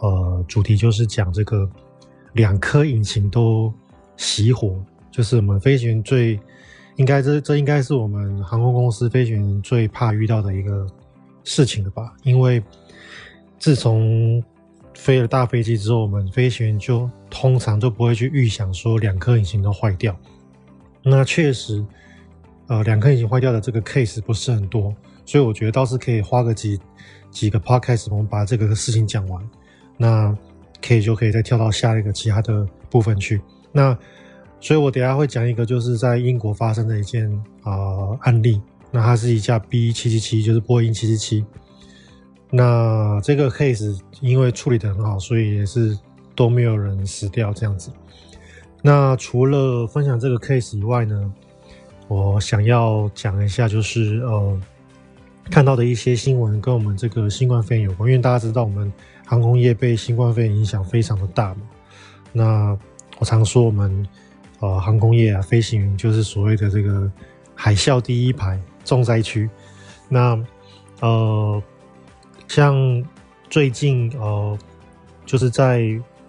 呃，主題就是講這個兩顆引擎都熄火，就是我們飛行員最應該這這應該是我們航空公司飛行員最怕遇到的一個事情了吧？因為自從飛了大飛機之後，我們飛行員就通常就不會去預想說兩顆引擎都壞掉。那確實，呃，兩顆引擎壞掉的這個 case 不是很多，所以我覺得倒是可以花個幾幾個 podcast，我們把這個事情講完。那 K 就可以再跳到下一個其他的部分去。那所以，我等一下會講一個，就是在英國發生的一件啊、呃、案例。那它是一架 B 七七七，就是波音七七七。那這個 case 因為處理得很好，所以也是都沒有人死掉這樣子。那除了分享這個 case 以外呢，我想要講一下，就是呃。看到的一些新聞跟我們這個新冠肺炎有關，因為大家知道我們航空業被新冠肺炎影響非常的大嘛。那我常說我們呃航空業啊，飛行員就是所謂的這個海嘯第一排重災區。那呃，像最近呃，就是在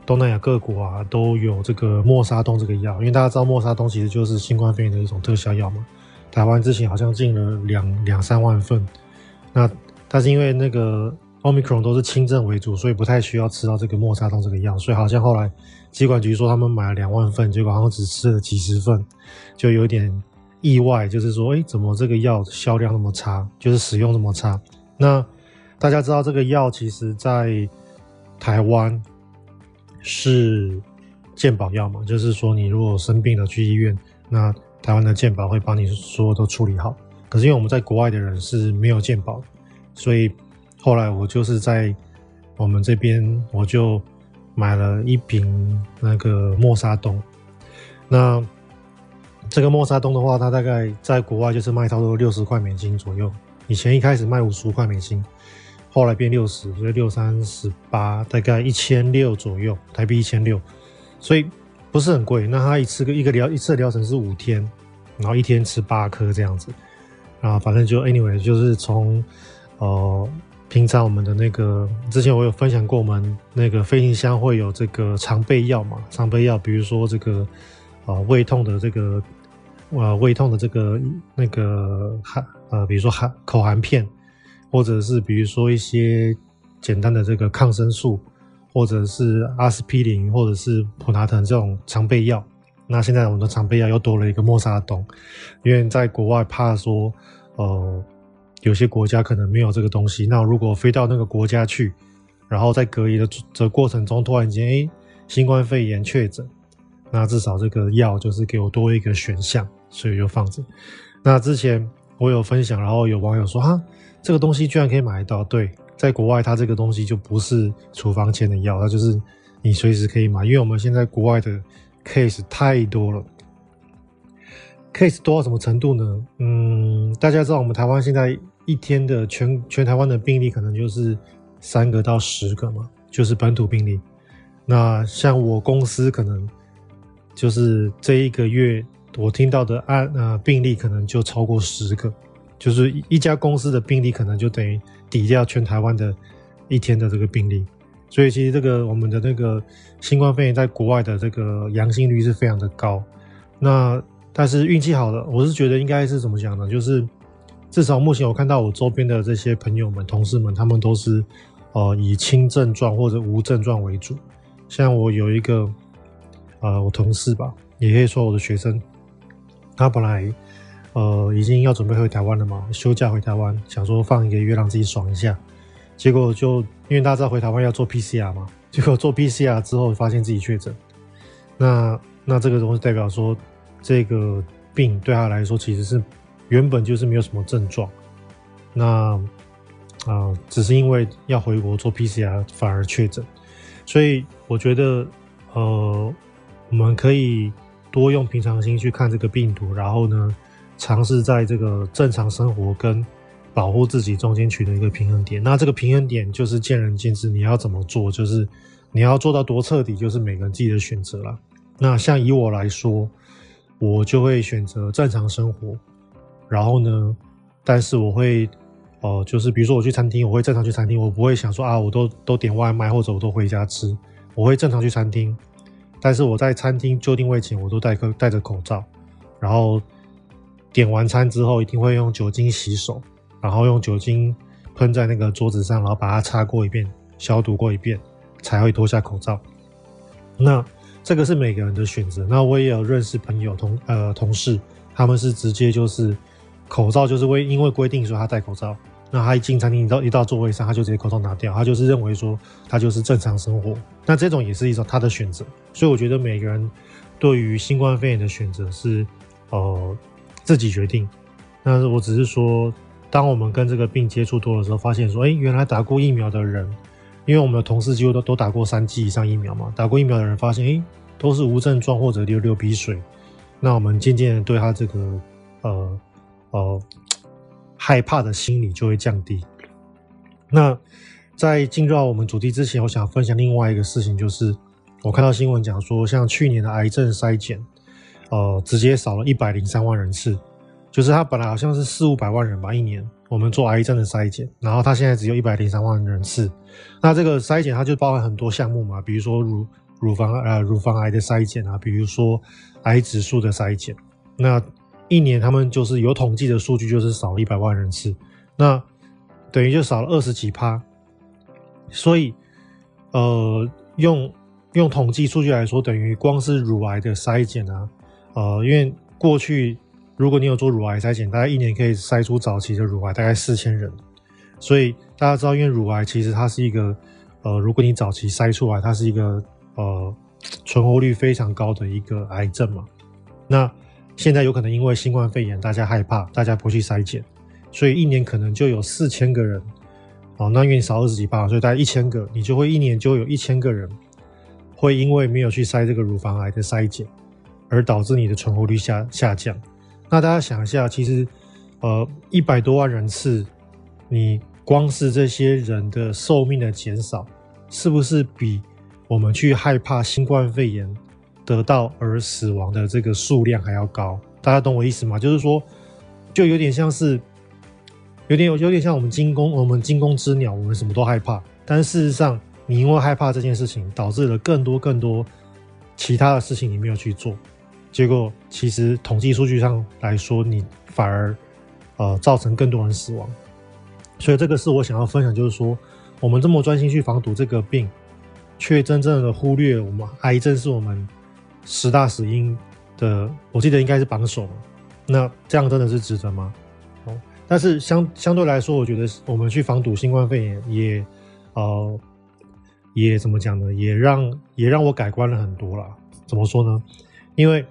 東南亞各國啊，都有這個默沙東這個藥，因為大家知道默沙東其實就是新冠肺炎的一種特效藥嘛。台灣之前好像進了兩兩三萬份。那但是因為那個奧密克戎都是輕症為主，所以不太需要吃到這個默沙東這個藥，所以好像後來疾管局說他們買了兩萬份，結果然後只吃了幾十份，就有點意外，就是說，哎、欸，怎麼這個藥銷量那麼差，就是使用那麼差？那大家知道這個藥其實在台灣是健保藥嘛，就是說你如果生病了去醫院，那台灣的健保會幫你所有都處理好。可是因為我們在國外的人是沒有健保，所以後來我就是在我們這邊我就買了一瓶那個默沙東。那這個默沙東的話，它大概在國外就是賣差不多六十塊美金左右。以前一開始賣五十五塊美金，後來變六十，所以六三十八，大概一千六左右，台幣一千六，所以不是很貴。那它一次一個療一次療程是五天，然後一天吃八顆這樣子。啊，反正就 anyway，就是從，呃，平常我們的那個，之前我有分享過，我們那個飛行箱會有這個常備藥嘛，常備藥，比如說這個，呃，胃痛的這個，呃，胃痛的這個那個呃，比如說含口含片，或者是比如說一些簡單的這個抗生素，或者是阿司匹林，S P、0，或者是普拿疼這種常備藥。那現在我們的常備藥又多了一個默沙東，因為在國外怕說，呃，有些國家可能沒有這個東西。那如果飛到那個國家去，然後在隔離的這的過程中，突然間，哎，新冠肺炎確診，那至少這個藥就是給我多一個選項，所以就放着。那之前我有分享，然後有網友說，哈，這個東西居然可以買到。對，在國外它這個東西就不是處方箋的藥，它就是你隨時可以買，因為我們現在國外的。case 太多了，case 多到什麼程度呢？嗯，大家知道我們台灣現在一天的全全台灣的病例，可能就是三個到十個嘛，就是本土病例。那像我公司可能就是這一個月我聽到的案，呃，病例可能就超過十個，就是一,一家公司的病例可能就等於抵掉全台灣的一天的這個病例。所以其實這個我們的那個新冠肺炎在國外的這個陽性率是非常的高，那但是運氣好的，我是覺得應該是怎麼講呢？就是至少目前我看到我周邊的這些朋友們、同事們，他們都是呃以輕症狀或者無症狀為主。像我有一個啊、呃，我同事吧，也可以說我的學生，他本來呃已經要準備回台灣了嘛，休假回台灣，想說放一個月讓自己爽一下。結果就因為大家知道回台灣要做 PCR 嘛，結果做 PCR 之後發現自己確診，那那這個東西代表說，這個病對他來說其實是原本就是沒有什麼症狀，那啊、呃、只是因為要回國做 PCR 反而確診，所以我覺得呃我們可以多用平常心去看這個病毒，然後呢嘗試在這個正常生活跟保護自己，中間取得一個平衡點。那這個平衡點就是見仁見智，你要怎麼做，就是你要做到多徹底，就是每個人自己的選擇了。那像以我來說，我就會選擇正常生活。然後呢，但是我會，哦、呃，就是比如說我去餐廳，我會正常去餐廳，我不會想說啊，我都都點外賣或者我都回家吃，我會正常去餐廳。但是我在餐廳就定位前，我都戴個戴着口罩，然後點完餐之後，一定會用酒精洗手。然後用酒精噴在那個桌子上，然後把它擦過一遍，消毒過一遍，才會脫下口罩。那這個是每個人的選擇。那我也有認識朋友同呃同事，他們是直接就是口罩就是為因為規定說他戴口罩，那他一進餐廳一到一到座位上，他就直接口罩拿掉，他就是認為說他就是正常生活。那這種也是一種他的選擇。所以我覺得每個人對於新冠肺炎的選擇是呃自己決定。那我只是說。當我們跟這個病接觸多的時候，發現說，哎、欸，原來打過疫苗的人，因為我們的同事幾乎都都打過三劑以上疫苗嘛，打過疫苗的人發現，哎、欸，都是無症狀或者流流鼻水，那我們漸漸的對他這個呃呃害怕的心理就會降低。那在進入到我們主題之前，我想分享另外一個事情，就是我看到新聞講說，像去年的癌症篩檢，呃，直接少了一百零三萬人次。就是他本來好像是四五百萬人吧，一年我們做癌症的篩檢，然後他現在只有一百零三萬人次。那這個篩檢它就包含很多項目嘛，比如說乳乳房呃乳房癌的篩檢啊，比如說癌指數的篩檢。那一年他們就是有統計的數據，就是少了一百萬人次，那等於就少了二十幾趴。所以，呃，用用統計數據來說，等於光是乳癌的篩檢啊，呃，因為過去。如果你有做乳癌篩檢，大概一年可以篩出早期的乳癌大概四千人，所以大家知道，因為乳癌其實它是一個，呃，如果你早期篩出來，它是一個呃存活率非常高的一個癌症嘛。那現在有可能因為新冠肺炎，大家害怕，大家不去篩檢，所以一年可能就有四千個人哦，那因為你少二十幾趴，所以大概一千個，你就會一年就有一千個人會因為沒有去篩這個乳房癌的篩檢，而導致你的存活率下下降。那大家想一下，其實，呃，一百多萬人次，你光是這些人的壽命的減少，是不是比我們去害怕新冠肺炎得到而死亡的這個數量還要高？大家懂我意思嗎？就是說，就有點像是，有點有有點像我們驚弓，我們驚弓之鳥，我們什麼都害怕。但事實上，你因為害怕這件事情，導致了更多更多其他的事情你沒有去做。結果其實統計數據上來說，你反而呃造成更多人死亡，所以這個是我想要分享，就是說我們這麼專心去防堵這個病，卻真正的忽略我們癌症是我們十大死因的，我記得應該是榜首嘛。那這樣真的是值得嗎？哦，但是相相對來說，我覺得我們去防堵新冠肺炎也呃也怎麼講呢？也讓也讓我改觀了很多啦。怎麼說呢？因為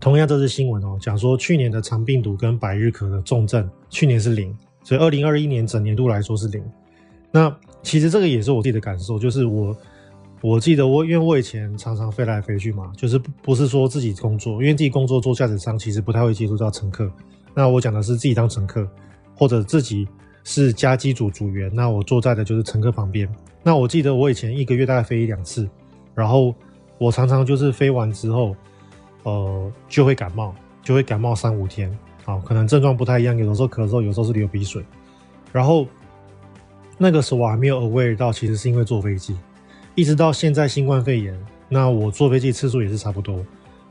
同樣，這是新聞哦，講說去年的腸病毒跟百日咳的重症，去年是零，所以二零二一年整年度來說是零。那其實這個也是我自己的感受，就是我我記得我，因為我以前常常飛來飛去嘛，就是不是說自己工作，因為自己工作做駕駛艙其實不太會接觸到乘客。那我講的是自己當乘客，或者自己是加機組組員，那我坐在的就是乘客旁邊。那我記得我以前一個月大概飛一兩次，然後我常常就是飛完之後。呃，就會感冒，就會感冒三五天，好，可能症狀不太一樣。有的時候咳嗽，有時候是流鼻水。然後那個時候我還沒有 aware 到，其實是因為坐飛機。一直到現在新冠肺炎，那我坐飛機次數也是差不多。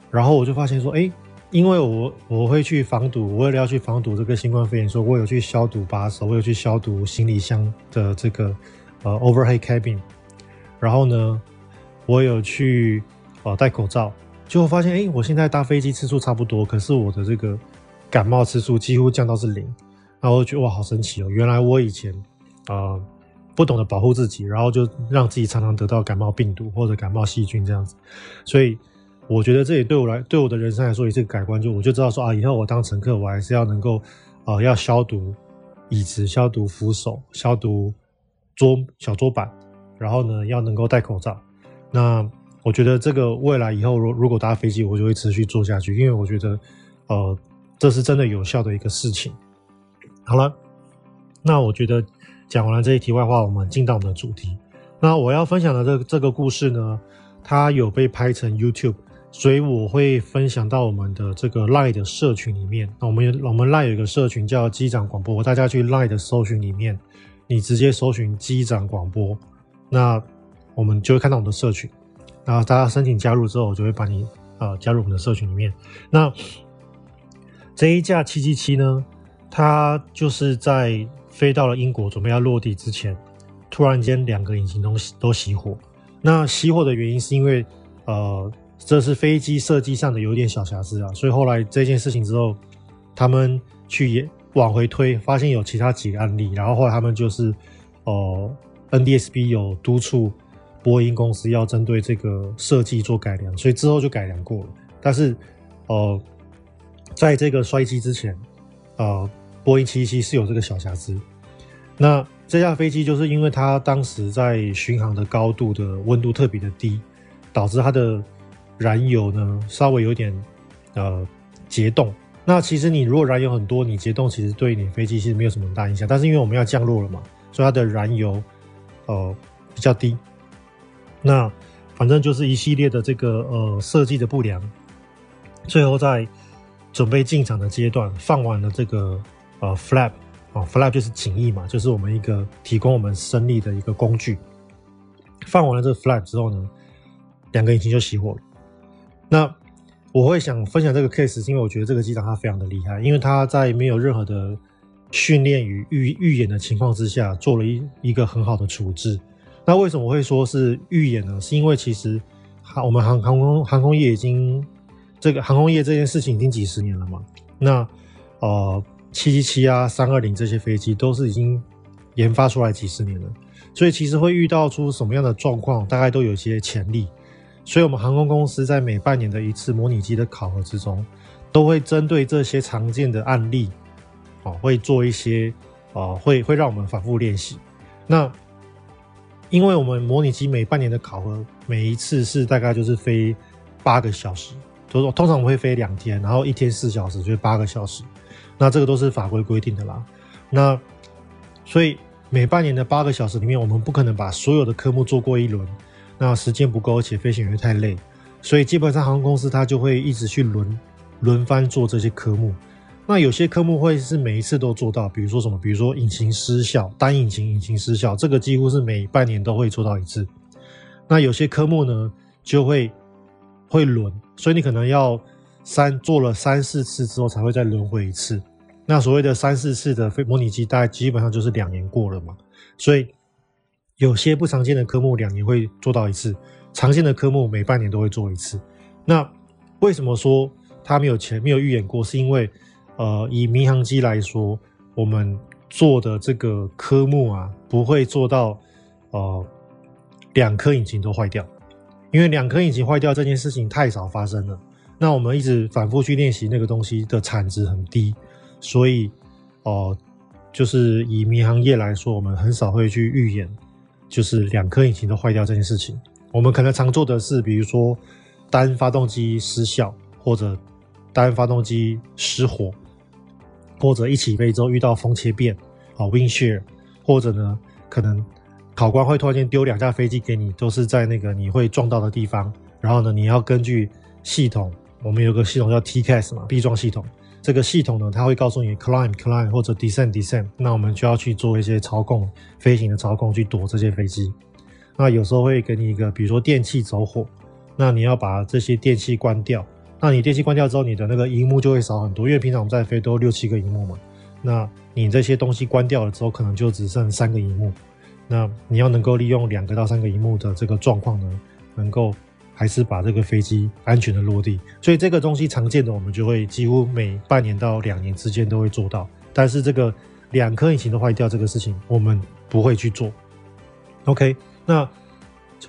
然後我就發現說，誒，因為我我會去防堵，我為了要去防堵這個新冠肺炎。所以我有去消毒把手，我有去消毒行李箱的這個呃 overhead cabin。然後呢，我有去呃戴口罩。就發現，哎、欸，我現在搭飛機次數差不多，可是我的這個感冒次數幾乎降到是零，然後我就覺得哇，好神奇哦！原來我以前呃不懂得保護自己，然後就讓自己常常得到感冒病毒或者感冒細菌這樣子。所以我覺得這也對我來，對我的人生來說也是個改觀，就我就知道說啊，以後我當乘客，我還是要能夠啊、呃，要消毒椅子、消毒扶手、消毒桌、小桌板，然後呢，要能夠戴口罩。那我覺得這個未來以後，如如果搭飛機，我就會持續做下去，因為我覺得，呃，這是真的有效的一個事情。好了，那我覺得講完了這些題外話，我們進到我們的主題。那我要分享的這個、這個故事呢，它有被拍成 YouTube，所以我會分享到我們的這個 Line 的社群裡面。那我們有我們 Line 有一個社群叫機長廣播，我帶大家去 Line 的搜尋裡面，你直接搜尋機長廣播，那我們就會看到我們的社群。然後大家申請加入之後，我就會把你呃加入我們的社群裡面。那這一架七七七呢，它就是在飛到了英國準備要落地之前，突然間兩個引擎都都熄火。那熄火的原因是因為呃這是飛機設計上的有點小瑕疵啊，所以後來這件事情之後，他們去也往回推，發現有其他幾個案例，然後後來他們就是哦、呃、NDSB 有督促，波音公司要針對這個設計做改良，所以之後就改良過了。但是，呃，在這個摔機之前，呃，波音七七七是有這個小瑕疵。那這架飛機就是因為它當時在巡航的高度的溫度特別的低，導致它的燃油呢稍微有點呃結凍。那其實你如果燃油很多，你結凍其實對你飛機其實沒有什麼很大影響。但是因為我們要降落了嘛，所以它的燃油呃比較低。那反正就是一系列的這個呃設計的不良，最後在準備進場的階段放完了這個呃 flap 啊、哦、flap 就是襟翼嘛，就是我們一個提供我們升力的一個工具。放完了這個 flap 之後呢，兩個引擎就熄火了。那我會想分享這個 case，是因為我覺得這個機長他非常的厲害，因為他在沒有任何的訓練與預預演的情況之下，做了一一個很好的處置。那為什麼我會說是預演呢？是因為其實，航我們航航空航空業已經這個航空業這件事情已經幾十年了嘛。那呃，七七七啊，三二零這些飛機都是已經研發出來幾十年了，所以其實會遇到出什麼樣的狀況，大概都有一些潛力。所以我們航空公司在每半年的一次模擬機的考核之中，都會針對這些常見的案例，啊、哦，會做一些啊、呃，會會讓我們反覆練習。那因為我們模擬機每半年的考核，每一次是大概就是飛八個小時，就是、通常我們會飛兩天，然後一天四小時，就是八個小時。那這個都是法規規定的啦。那所以每半年的八個小時裡面，我們不可能把所有的科目做過一輪，那時間不夠，而且飛行員太累，所以基本上航空公司它就會一直去輪輪番做這些科目。那有些科目會是每一次都做到，比如說什麼，比如說引擎失效，單引擎引擎失效，這個幾乎是每半年都會做到一次。那有些科目呢，就會會輪，所以你可能要三做了三四次之後才會再輪回一次。那所謂的三四次的飛模擬機，大概基本上就是兩年過了嘛。所以有些不常見的科目兩年會做到一次，常見的科目每半年都會做一次。那為什麼說他沒有前沒有預演過？是因為呃，以民航機來說，我們做的這個科目啊，不會做到，呃，兩顆引擎都壞掉，因為兩顆引擎壞掉這件事情太少發生了。那我們一直反复去練習那個東西的產值很低，所以，哦、呃，就是以民航業來說，我們很少會去預演。就是兩顆引擎都壞掉這件事情。我們可能常做的是，比如說單發動機失效或者單發動機失火。或者一起飛之後遇到風切變啊、哦、，wind shear 或者呢，可能考官會突然間丟兩架飛機給你，都是在那個你會撞到的地方。然後呢，你要根據系統，我們有個系統叫 TCAS 嘛，避撞系統。這個系統呢，它會告訴你 climb climb 或者 descend descend 那我們就要去做一些操控飛行的操控，去躲這些飛機。那有時候會給你一個，比如說電器走火，那你要把這些電器關掉。那你電器關掉之後，你的那個熒幕就會少很多，因為平常我們在飛都六七個熒幕嘛。那你這些東西關掉了之後，可能就只剩三個熒幕。那你要能夠利用兩個到三個熒幕的這個狀況呢，能夠還是把這個飛機安全的落地。所以這個東西常見的，我們就會幾乎每半年到兩年之間都會做到。但是這個兩顆引擎都壞掉這個事情，我們不會去做。OK，那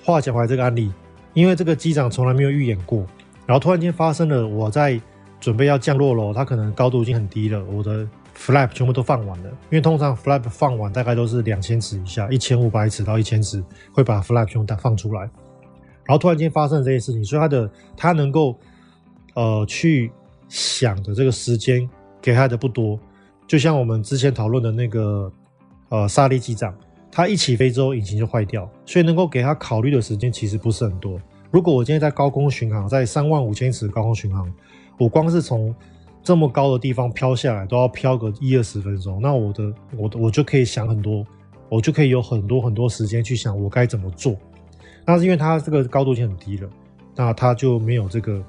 話講回來這個案例，因為這個機長從來沒有預演過。然後突然間發生了，我在準備要降落了，它，可能高度已經很低了，我的 flap 全部都放完了，因為通常 flap 放完大概都是兩千尺以下，一千五百尺到一千尺會把 flap 全部放出來。然後突然間發生了這些事情，所以它的它能夠呃去想的這個時間給它的不多。就像我們之前討論的那個呃薩利機長，他一起飛之後引擎就壞掉，所以能夠給他考慮的時間其實不是很多。如果我今天在高空巡航，在三萬五千尺高空巡航，我光是從這麼高的地方飄下來，都要飄個一二十分鐘。那我的，我的我就可以想很多，我就可以有很多很多時間去想我該怎麼做。那是因為它這個高度已經很低了，那它就沒有這個，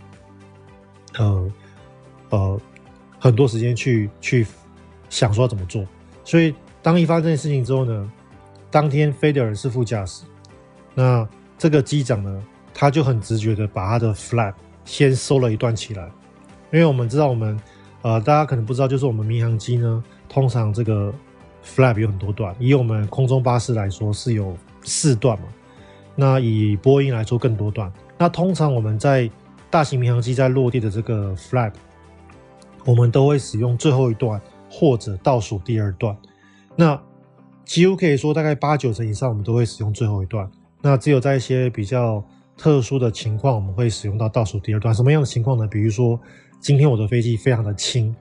呃呃，很多時間去去想說要怎麼做。所以當一發生這件事情之後呢，當天飛的人是副駕駛，那這個機長呢？他就很直覺的把他的 flap 先收了一段起來，因為我們知道我們，呃，大家可能不知道，就是我們民航機呢，通常這個 flap 有很多段，以我們空中巴士來說是有四段嘛，那以波音來說更多段。那通常我們在大型民航機在落地的這個 flap，我們都會使用最後一段或者倒數第二段，那幾乎可以說大概八九成以上我們都會使用最後一段，那只有在一些比較特殊的情況，我們會使用到倒數第二段。什麼樣的情況呢？比如說，今天我的飛機非常的輕，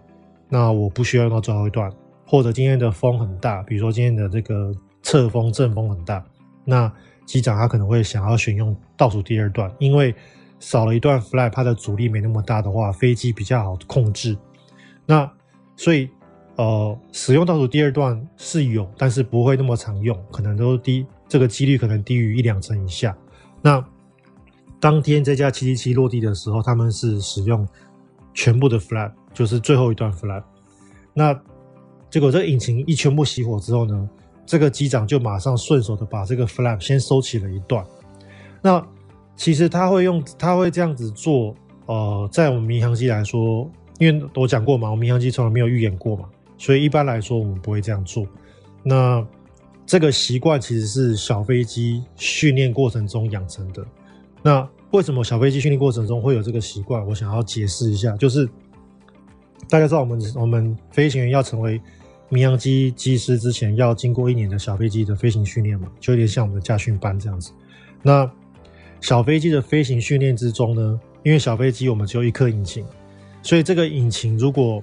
那我不需要用到最後一段；或者今天的風很大，比如說今天的這個側風、正風很大，那機長他可能會想要選用倒數第二段，因為少了一段 flap，它的阻力沒那麼大的話，飛機比較好控制。那所以，呃，使用倒數第二段是有，但是不會那麼常用，可能都低，這個幾率可能低於一兩成以下。那當天這架七七七落地的時候，他們是使用全部的 flap，就是最後一段 flap。那結果這引擎一全部熄火之後呢，這個機長就馬上順手的把這個 flap 先收起了一段。那其實他會用，他會這樣子做。呃，在我們民航機來說，因為我講過嘛，我們民航機從來沒有預演過嘛，所以一般來說我們不會這樣做。那這個習慣其實是小飛機訓練過程中養成的。那為什麼小飛機訓練過程中會有這個習慣？我想要解釋一下，就是大家知道我們我們飛行員要成為民航機機師之前，要經過一年的小飛機的飛行訓練嘛，就有點像我們的駕訓班這樣子。那小飛機的飛行訓練之中呢，因為小飛機我們只有一顆引擎，所以這個引擎如果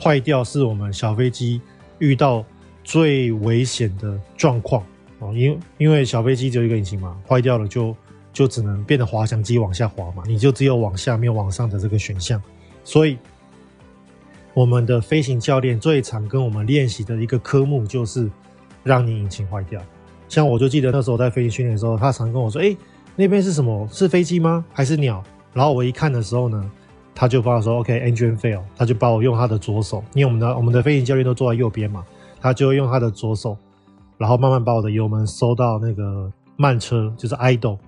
壞掉，是我們小飛機遇到最危險的狀況哦。因因為小飛機只有一個引擎嘛，壞掉了就。就只能變得滑翔機往下滑嘛，你就只有往下面往上的這個選項。所以，我們的飛行教練最常跟我們練習的一個科目就是讓你引擎壞掉。像我就記得那時候在飛行訓練的時候，他常跟我說：“哎，那邊是什麼？是飛機嗎？還是鳥？”然後我一看的時候呢，他就幫我說：“OK，engine fail。”他就把我用他的左手，因為我們的我們的飛行教練都坐在右邊嘛，他就會用他的左手，然後慢慢把我的油門收到那個慢車，就是 idle。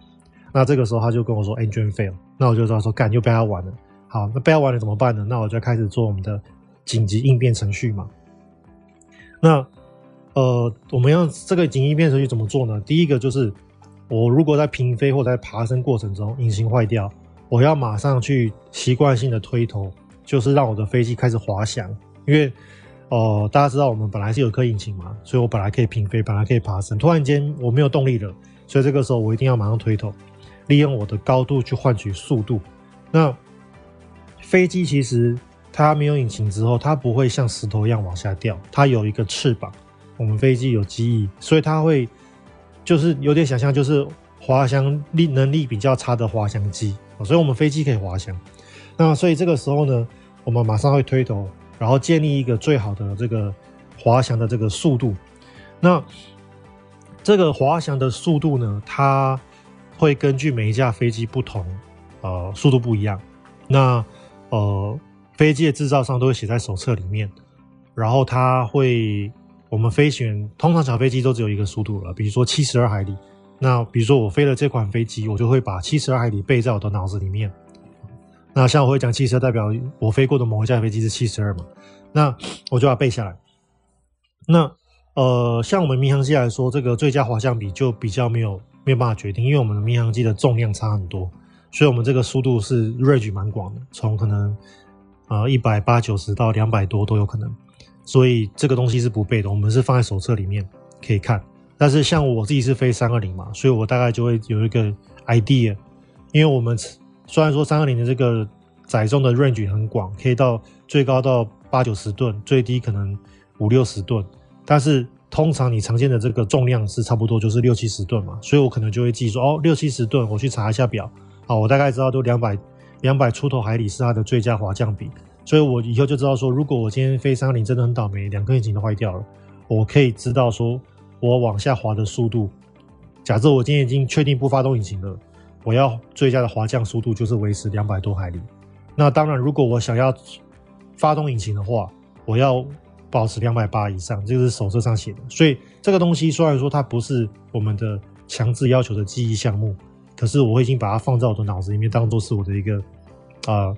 那這個時候他就跟我說 “engine fail”，那我就知道說，幹又被他玩了。好，那被他玩了怎麼辦呢？那我就要開始做我們的緊急應變程序嘛。那呃，我們要這個緊急應變程序怎麼做呢？第一個就是，我如果在平飛或者在爬升過程中引擎壞掉，我要馬上去習慣性的推頭，就是讓我的飛機開始滑翔。因為哦、呃，大家知道我們本來是有顆引擎嘛，所以我本來可以平飛，本來可以爬升。突然間我沒有動力了，所以這個時候我一定要馬上推頭。利用我的高度去換取速度。那飛機其實它沒有引擎之後，它不會像石頭一樣往下掉。它有一個翅膀，我們飛機有機翼，所以它會就是有點想象，就是滑翔力能力比較差的滑翔機。所以，我們飛機可以滑翔。那所以這個時候呢，我們馬上會推頭，然後建立一個最好的這個滑翔的這個速度。那這個滑翔的速度呢，它。會根據每一架飛機不同，呃，速度不一樣。那呃，飛機的製造商都會寫在手冊裡面。然後它會，我們飛行員通常小飛機都只有一個速度了，比如說七十二海里。那比如說我飛了這款飛機，我就會把七十二海里背在我的腦子裡面。那像我會講七十二代表我飛過的某一架飛機是七十二嘛。那我就把它背下來。那呃，像我們民航機來說，這個最佳滑翔比就比較沒有。沒有辦法決定，因為我們的民航機的重量差很多，所以我們這個速度是 range 蠻廣的，從可能啊一百八九十到兩百多都有可能，所以這個東西是不背的，我們是放在手冊裡面可以看。但是像我自己是飛三二零嘛，所以我大概就會有一個 idea，因為我們雖然說三二零的這個載重的 range 很廣，可以到最高到八九十噸，最低可能五六十噸，但是。通常你常見的這個重量是差不多就是六七十噸嘛，所以我可能就會記住哦六七十噸，我去查一下表好，我大概知道都兩百兩百出頭海里是它的最佳滑降比，所以我以後就知道說，如果我今天飛三二零真的很倒霉，兩顆引擎都壞掉了，我可以知道說我往下滑的速度，假設我今天已經確定不發動引擎了，我要最佳的滑降速度就是維持兩百多海里。那當然，如果我想要發動引擎的話，我要。保持兩百八以上，這個是手冊上寫的。所以這個東西雖然說它不是我們的強制要求的記憶項目，可是我已經把它放在我的腦子裡面，當做是我的一個啊、呃、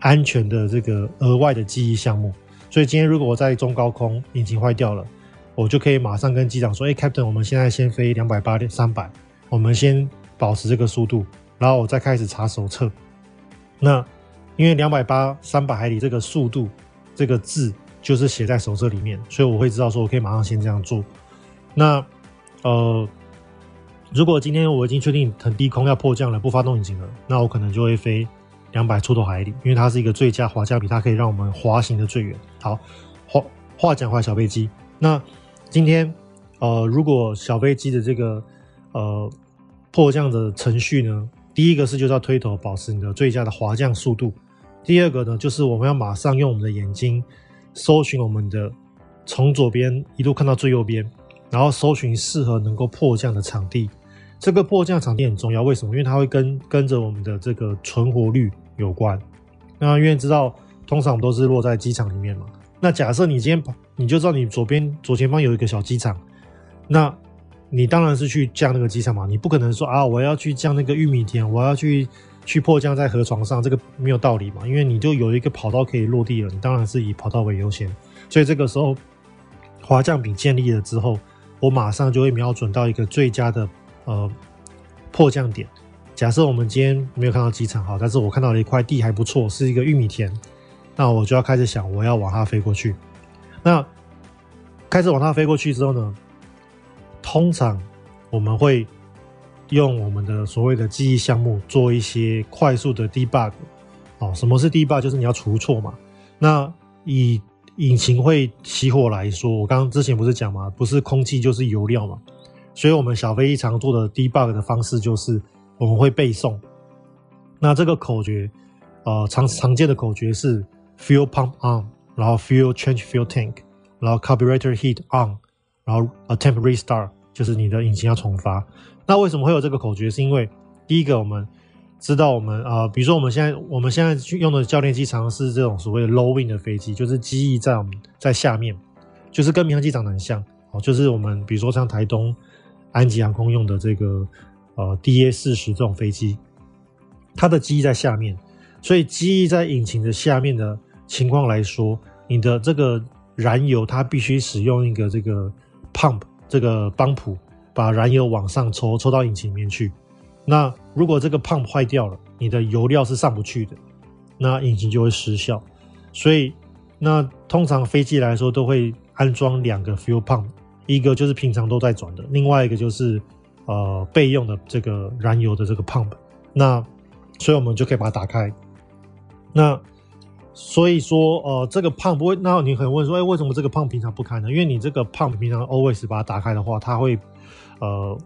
安全的這個額外的記憶項目。所以今天如果我在中高空引擎壞掉了，我就可以馬上跟機長說：“哎、欸，Captain，我們現在先飛兩百八三百，我們先保持這個速度，然後我再開始查手冊。”那因為兩百八三百海里這個速度這個字。就是寫在手冊裡面，所以我會知道說，我可以馬上先這樣做。那，呃，如果今天我已經確定很低空要迫降了，不發動引擎了，那我可能就會飛兩百出頭海里，因為它是一個最佳滑降比，它可以讓我們滑行的最遠。好，話話講回來，小飛機。那今天，呃，如果小飛機的這個呃迫降的程序呢，第一個是就是要推頭，保持你的最佳的滑降速度。第二個呢，就是我們要馬上用我們的眼睛。搜尋我們的，從左邊一路看到最右邊，然後搜尋適合能夠迫降的場地。這個迫降場地很重要，為什麼？因為它會跟跟着我們的這個存活率有關。那因為知道通常都是落在機場裡面嘛。那假設你今天你就知道你左邊左前方有一個小機場，那你當然是去降那個機場嘛。你不可能說啊，我要去降那個玉米田，我要去。去迫降在河床上，這個沒有道理嘛。因為你就有一個跑道可以落地了，你當然是以跑道為優先。所以這個時候滑降餅建立了之後，我馬上就會瞄準到一個最佳的呃迫降點。假設我們今天沒有看到機場好，但是我看到了一塊地還不錯，是一個玉米田，那我就要開始想我要往它飛過去。那開始往它飛過去之後呢，通常我們會。用我們的所謂的記憶項目做一些快速的 debug，哦，什麼是 debug？就是你要除錯嘛。那以引擎會熄火來說，我剛剛之前不是講嘛，不是空氣就是油料嘛。所以，我們小飛常做的 debug 的方式就是我們會背誦。那這個口訣，呃，常常見的口訣是：fuel pump on，然後 fuel change fuel tank，然後 carburetor heat on，然後 attempt restart，就是你的引擎要重發。那為什麼會有這個口訣？是因為第一個，我們知道，我們呃，比如說我們現在我們現在用的教練機，常常是這種所謂的 low wing 的飛機，就是機翼在我們在下面，就是跟民航機長得很像。哦、呃，就是我們比如說像台東安吉航空用的這個呃 DA 四十這種飛機，它的機翼在下面，所以機翼在引擎的下面的情況來說，你的這個燃油它必須使用一個這個 pump 這個泵浦。把燃油往上抽，抽到引擎裡面去。那如果這個 pump 壞掉了，你的油料是上不去的，那引擎就會失效。所以，那通常飛機來說都會安裝兩個 fuel pump，一個就是平常都在轉的，另外一個就是呃備用的這個燃油的這個 pump。那，所以我們就可以把它打開。那，所以說，呃，這個 pump 不會。那你可能問說，哎、欸，為什麼這個 pump 平常不開呢？因為你這個 pump 平常 always 把它打開的話，它會。呃，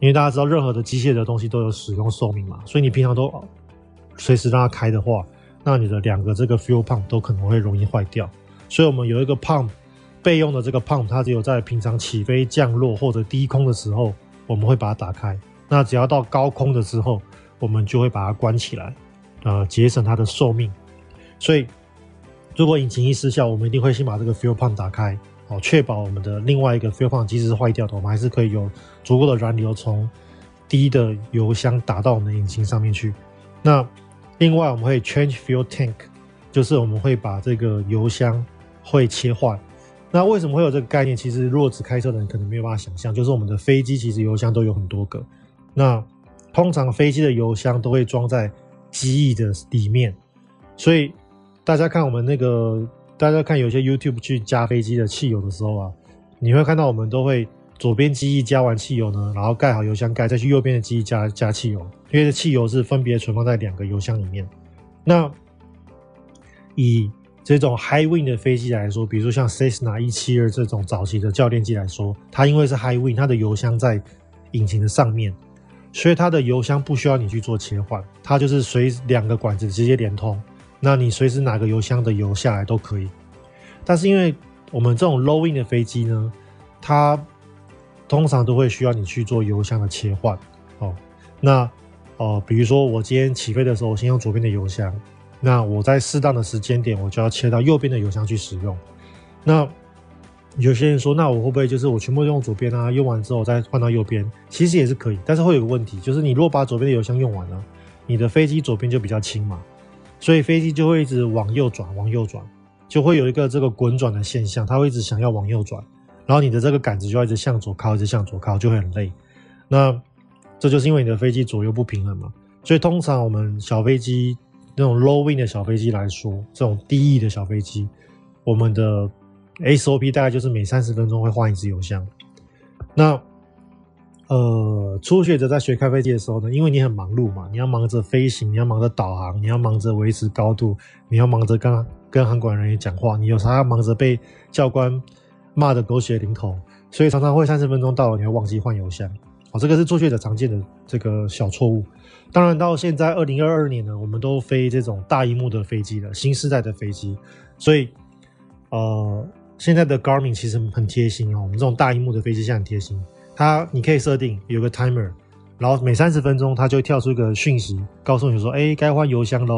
因為大家知道任何的機械的東西都有使用壽命嘛，所以你平常都呃，隨時讓它開的話，那你的兩個這個 fuel pump 都可能會容易壞掉。所以我們有一個 pump 備用的這個 pump，它只有在平常起飛、降落或者低空的時候，我們會把它打開。那只要到高空的時候，我們就會把它關起來，呃，節省它的壽命。所以如果引擎一失效，我們一定會先把這個 fuel pump 打開。好，確保我們的另外一個 fuel pump 機制，是壞掉的，我們還是可以有足夠的燃油從低的油箱打到我們的引擎上面去。那另外我們會 change fuel tank，就是我們會把這個油箱會切換。那為什麼會有這個概念？其實若只開車的人可能沒有辦法想象，就是我們的飛機其實油箱都有很多個。那通常飛機的油箱都會裝在機翼的裡面，所以大家看我們那個。大家看，有些 YouTube 去加飛機的汽油的時候啊，你會看到我們都會左邊機翼加完汽油呢，然後蓋好油箱蓋，再去右邊的機翼加加汽油，因為汽油是分別存放在兩個油箱裡面。那以這種 High Wing 的飛機來說，比如說像 Cessna 一七二這種早期的教練機來說，它因為是 High Wing，它的油箱在引擎的上面，所以它的油箱不需要你去做切換，它就是隨兩個管子直接連通。那你隨時哪個油箱的油下來都可以，但是因為我們這種 low wing 的飛機呢，它通常都會需要你去做油箱的切換。哦，那哦，比如說我今天起飛的時候，我先用左邊的油箱，那我在適當的時間點我就要切到右邊的油箱去使用。那有些人說，那我會不會就是我全部用左邊啊？用完之後再換到右邊，其實也是可以，但是會有個問題，就是你若把左邊的油箱用完了，你的飛機左邊就比較輕嘛。所以飛機就會一直往右轉，往右轉，就會有一個這個滾轉的現象，它會一直想要往右轉，然後你的這個桿子就要一直向左靠，一直向左靠，就會很累。那這就是因為你的飛機左右不平衡嘛。所以通常我們小飛機那種 low wing 的小飛機來說，這種低翼的小飛機，我們的 SOP 大概就是每三十分鐘會換一次油箱。那呃，初學者在學開飛機的時候呢，因為你很忙碌嘛，你要忙着飛行，你要忙着導航，你要忙着維持高度，你要忙着跟跟航管人員講話，你有時候還要忙着被教官罵得狗血淋頭，所以常常會三十分鐘到了你會忘記換油箱。哦，這個是初學者常見的這個小錯誤。當然到現在二零二二年呢，我們都飛這種大熒幕的飛機了，新時代的飛機，所以呃，現在的 Garmin 其實很貼心啊、哦，我們這種大熒幕的飛機現在很貼心。它你可以設定有個 timer，然後每三十分鐘它就跳出一個訊息，告訴你說：“哎、欸，該換油箱嘍。”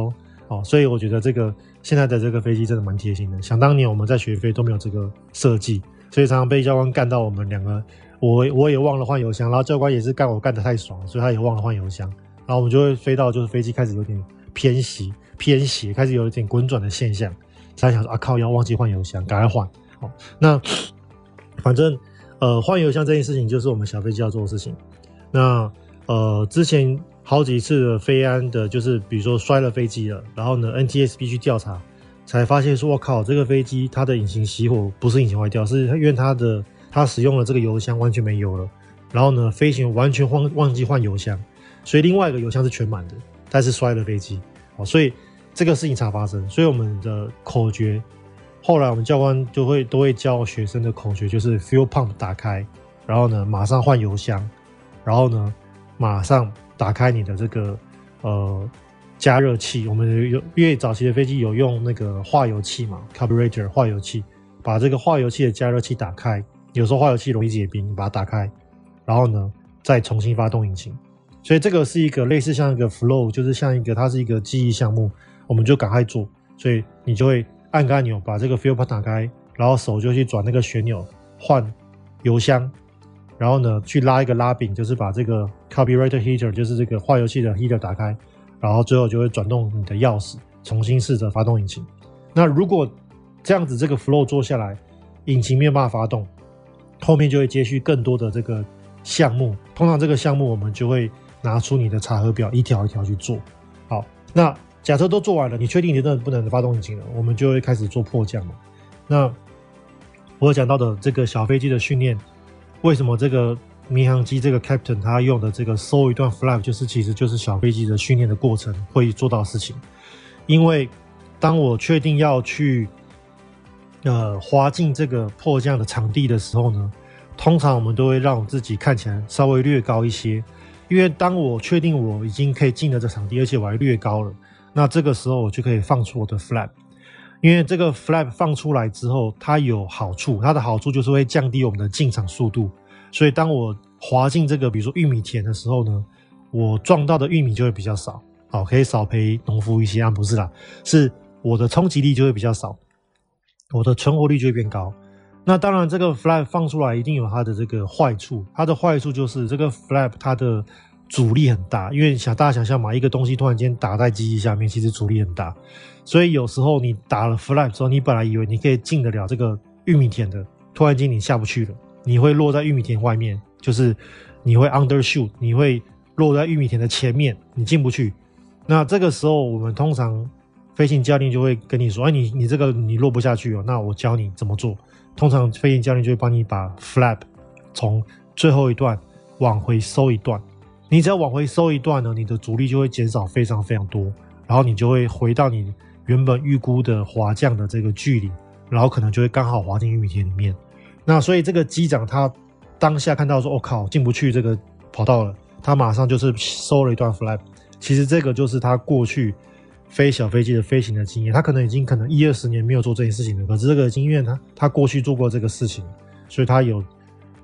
哦，所以我覺得這個現在的這個飛機真的蠻貼心的。想當年我們在學飛都沒有這個設計，所以常常被教官幹到我們兩個，我我也忘了換油箱，然後教官也是幹我幹得太爽，所以他也忘了換油箱，然後我們就會飛到就是飛機開始有點偏斜、偏斜，開始有一點滾轉的現象，才想說：“啊靠，要忘記換油箱，趕快換。”哦，那反正。呃，換油箱這件事情就是我們小飛機要做的事情。那呃，之前好幾次的飛安的，就是比如說摔了飛機了，然後呢，NTSB 去調查，才發現說，我靠，這個飛機它的引擎熄火不是引擎壞掉，是因為它的它使用了這個油箱完全沒油了，然後呢，飛行完全忘忘記換油箱，所以另外一個油箱是全滿的，但是摔了飛機，好，所以這個事情才發生。所以我們的口訣。後來我們教官就會都會教學生的口訣，就是 fuel pump 打開，然後呢，馬上換油箱，然後呢，馬上打開你的這個呃加熱器。我們有因為早期的飛機有用那個化油器嘛，carburetor 化油器，把這個化油器的加熱器打開。有時候化油器容易結冰，你把它打開，然後呢，再重新發動引擎。所以這個是一個類似像一個 flow，就是像一個它是一個記憶項目，我們就趕快做，所以你就會。按個按鈕，把這個 fuel pump 打開，然後手就去轉那個旋鈕換油箱，然後呢去拉一個拉柄，就是把這個 carburetor heater，就是這個化油器的 heater 打開，然後最後就會轉動你的鑰匙，重新試着發動引擎。那如果這樣子這個 flow 做下來，引擎沒有辦法發動，後面就會接續更多的這個項目。通常這個項目我們就會拿出你的查核表，一條一條去做。好，那。假設都做完了，你確定你真的不能發動引擎了？我們就會開始做迫降嘛。那我講到的這個小飛機的訓練，為什麼這個民航機這個 captain 他用的這個收一段 flap，就是其實就是小飛機的訓練的過程會做到的事情。因為當我確定要去呃滑進這個迫降的場地的時候呢，通常我們都會讓我自己看起來稍微略高一些，因為當我確定我已經可以進了這場地，而且我還略高了。那這個時候我就可以放出我的 flap，因為這個 flap 放出來之後，它有好處，它的好處就是會降低我們的進場速度。所以當我滑進這個比如說玉米田的時候呢，我撞到的玉米就會比較少，好，可以少賠農夫一些啊，不是啦，是我的衝擊力就會比較少，我的存活率就會變高。那當然，這個 flap 放出來一定有它的這個壞處，它的壞處就是這個 flap 它的。阻力很大，因為想大家想象嘛，一個東西突然間打在機翼下面，其實阻力很大。所以有時候你打了 flap 之後，你本來以為你可以進得了這個玉米田的，突然間你下不去了，你會落在玉米田外面，就是你會 undershoot，你會落在玉米田的前面，你進不去。那這個時候，我們通常飛行教練就會跟你說：“哎，你你這個你落不下去哦，那我教你怎麼做。”通常飛行教練就會幫你把 flap 從最後一段往回收一段。你只要往回收一段呢，你的阻力就會減少非常非常多，然後你就會回到你原本預估的滑降的這個距離，然後可能就會剛好滑進玉米田裡面。那所以這個機長他當下看到說“我、哦、靠，進不去這個跑道了”，他馬上就是收了一段 flap。其實這個就是他過去飛小飛機的飛行的經驗，他可能已經可能一二十年沒有做這件事情了，可是這個經驗他他過去做過這個事情，所以他有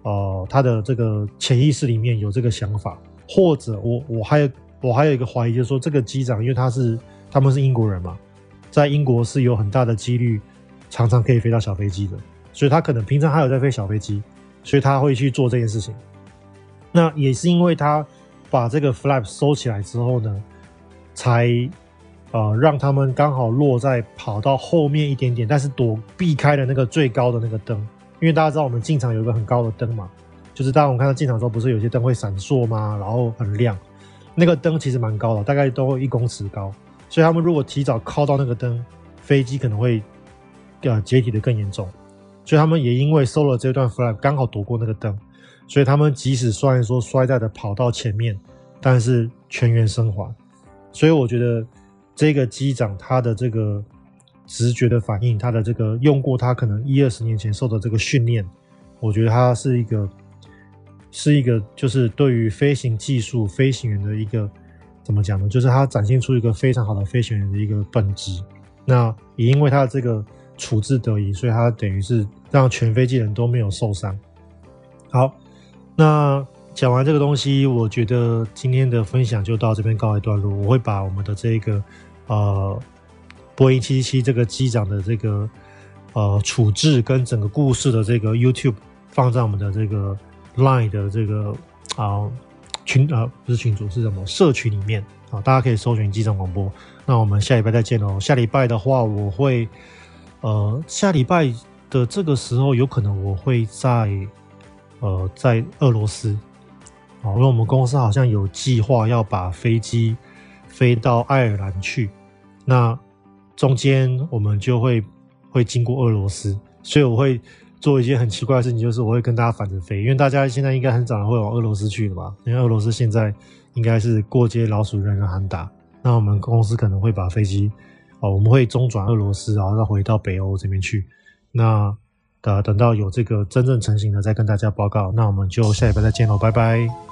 呃他的這個潛意識裡面有這個想法。或者我我還有我還有一個懷疑，就是說這個機長，因為他是他們是英國人嘛，在英國是有很大的幾率常常可以飛到小飛機的，所以他可能平常還有在飛小飛機，所以他會去做這件事情。那也是因為他把這個 flap 收起來之後呢，才呃讓他們剛好落在跑道後面一點點，但是躲避開了那個最高的那個燈，因為大家知道我們進場有一個很高的燈嘛。就是當我們看到進場之後，不是有些燈會閃爍嗎？然後很亮，那個燈其實蠻高的，大概都一公尺高。所以他們如果提早靠到那個燈，飛機可能會呃解體的更嚴重。所以他們也因為收了這段 flap 剛好躲過那個燈。所以他們即使雖然說摔在了跑道前面，但是全員生還。所以我覺得這個機長他的這個直覺的反應，他的這個用過他可能一二十年前受的這個訓練，我覺得他是一個。是一個，就是對於飛行技術、飛行員的一個怎麼講呢？就是他展現出一個非常好的飛行員的一個本質。那也因為他這個處置得宜，所以他等於是讓全飛機人都沒有受傷。好，那講完這個東西，我覺得今天的分享就到這邊告一段落。我會把我們的這個呃波音七七七這個機長的這個呃處置跟整個故事的這個 YouTube 放在我們的這個。Line 的這個啊群呃、啊、不是群組，是什麼社群裡面啊，大家可以搜尋機長廣播。那我們下禮拜再見哦！下禮拜的話，我會呃下禮拜的這個時候有可能我會在呃在俄羅斯。啊，因為我們公司好像有計劃要把飛機飛到愛爾蘭去，那中間我們就會會經過俄羅斯，所以我會。做一件很奇怪的事情，就是我會跟大家反着飛，因為大家現在應該很早會往俄羅斯去了吧？因為俄羅斯現在應該是過街老鼠，人人喊打。那我們公司可能會把飛機，哦，我們會中轉俄羅斯，然後再回到北歐這邊去。那等、呃、等到有這個真正成型的，再跟大家報告。那我們就下禮拜再見嘍，拜拜。